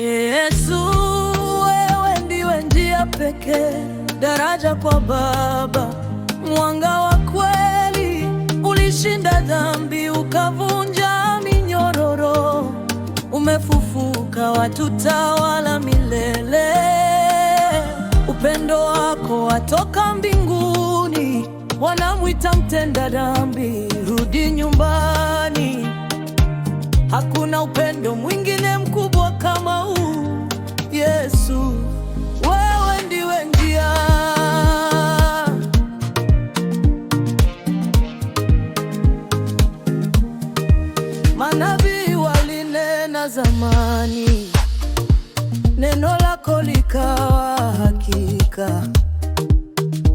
Yesu, wewe ndiwe njia pekee, daraja kwa Baba, mwanga wa kweli. Ulishinda dhambi, ukavunja minyororo, umefufuka, watutawala milele. Upendo wako watoka mbinguni, wanamwita mtenda dhambi, rudi nyumbani. Hakuna upendo zamani, neno lako likawa hakika.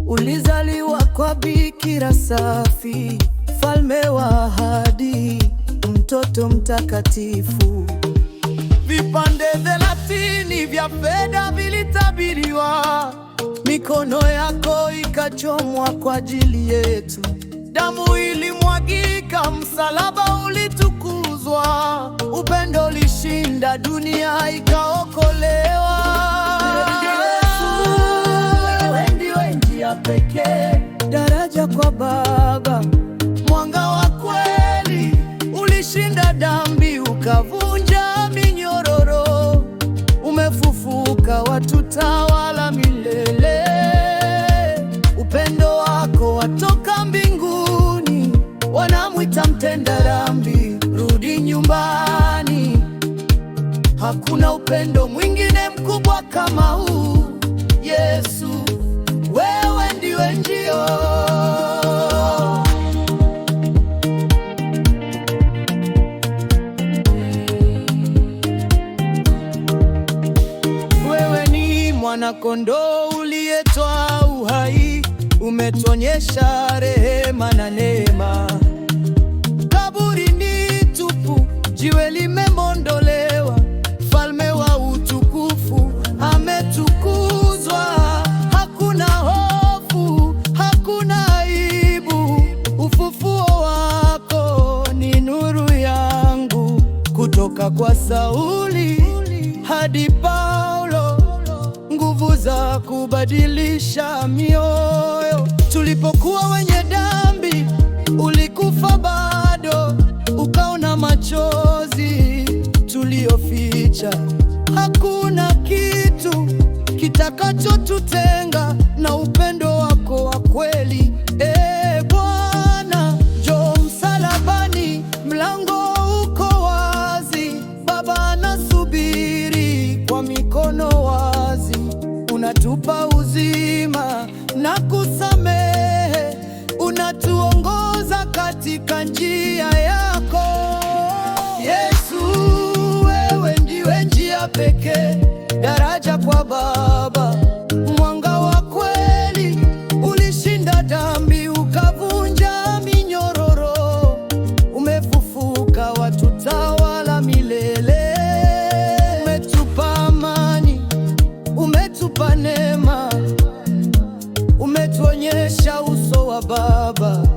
Ulizaliwa kwa bikira safi, mfalme wa ahadi, mtoto mtakatifu. Vipande thelathini vya fedha vilitabiriwa, mikono yako ikachomwa kwa ajili yetu, damu ilimwagika msalaba huenda dunia ikaokolewa. Wewe ndiwe njia pekee, daraja kwa Baba, mwanga wa kweli. Ulishinda dhambi, ukavunja minyororo, umefufuka watu Hakuna upendo mwingine mkubwa kama huu, Yesu, wewe ndiwe njio Wewe ni mwanakondoo uliyetwaa uhai, umetuonyesha rehema na neema kwa Sauli hadi Paulo, nguvu za kubadilisha mioyo. Tulipokuwa wenye dhambi, ulikufa bado, ukaona machozi tuliyoficha. Hakuna kitu kitakachotutenga na upendo wako wa kweli. mkono wazi, unatupa uzima na kusamehe, unatuongoza katika njia yako. Yesu, wewe ndiwe njia pekee, daraja kwa Baba. kuonyesha uso wa Baba.